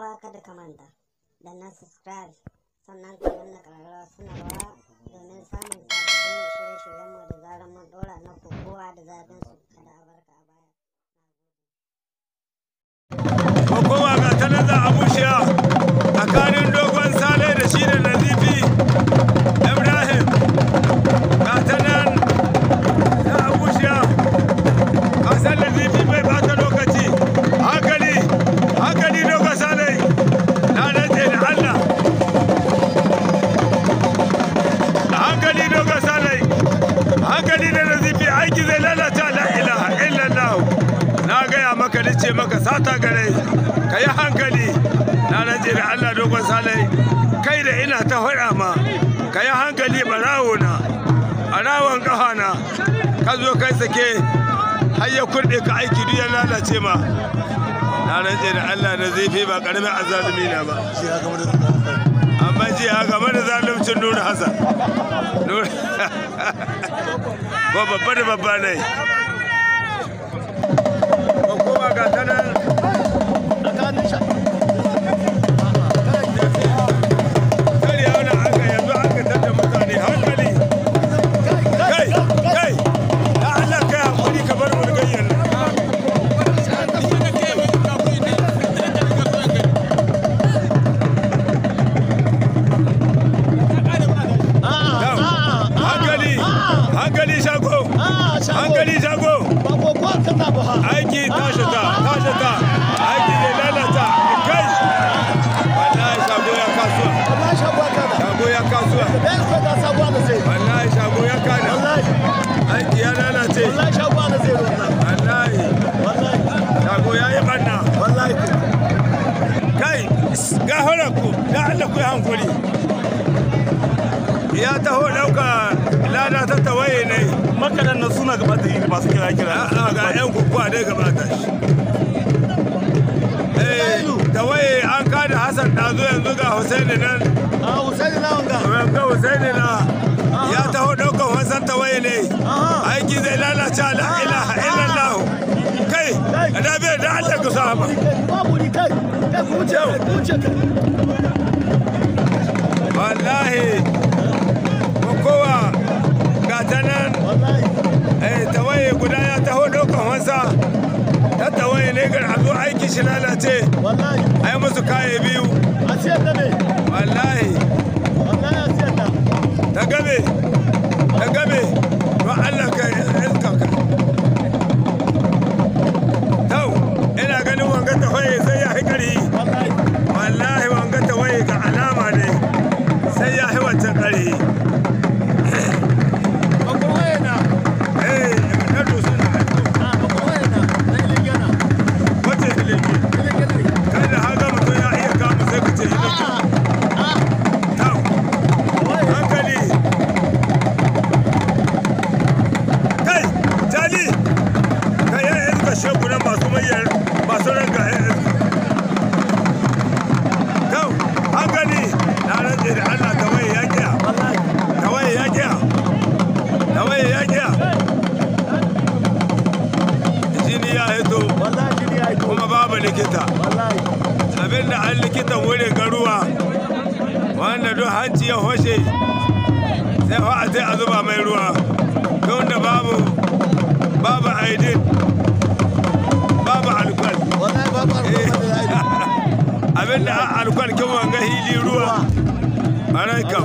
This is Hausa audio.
uwa kada ka manta da na subscribe sannan ka danna ƙararrawa rawa domin samun sababbin shirye-shiryenmu da zarar mun ɗora na kokowa da zafin su aiki lalata la ilaha illallah na gaya maka ni ce maka sata gare ka yi hankali na da Allah dogon salai kai da ina ta hura ma ka yi hankali barawo na barawon na ka zo kai sake hayya kurɗe ka aiki duniya ya lalace ma na rantse da Allah na zai ba karamin azalumi na ba jiya game da zaluncin nuna hassan babba da babba ne aiki ta shata ta shata aiki lalata kai wallahi shago ya kasuwa shago ya kasuwa wallahi shago ya kana aiki ya lalace wallahi shago ya yi banna da Allah ya taho ɗauka lalata ta tawaye ne makaɗan suna gaba da yi kira kira dai kamata shi da eh, waye an kada hassan ɗazu yanzu ga husaini nan ah, ga husaini na ah, ah. ya taho ɗaukar wasan tawaye ne aiki zai lalace la ilaha illallah kai da bai da allah ku sahaba Niger a aiki shi lalace a yi musu kaye biyu a siyar da me wallahi wallahi a siyar da ta game ta game don Allah ka iska ka tau ina ganin wanga ta waye sai ya yi ƙari wallahi wanga ta waye ga alama ne sai ya yi wancan ƙari kuma babu likita da an likita wuri garuwa wanda duk hanci ya hoshe sai fa a sai a zuba mai ruwa don da babu babu aidin babu alkwal eh, da alkwal kin wanga hili ruwa a rai kam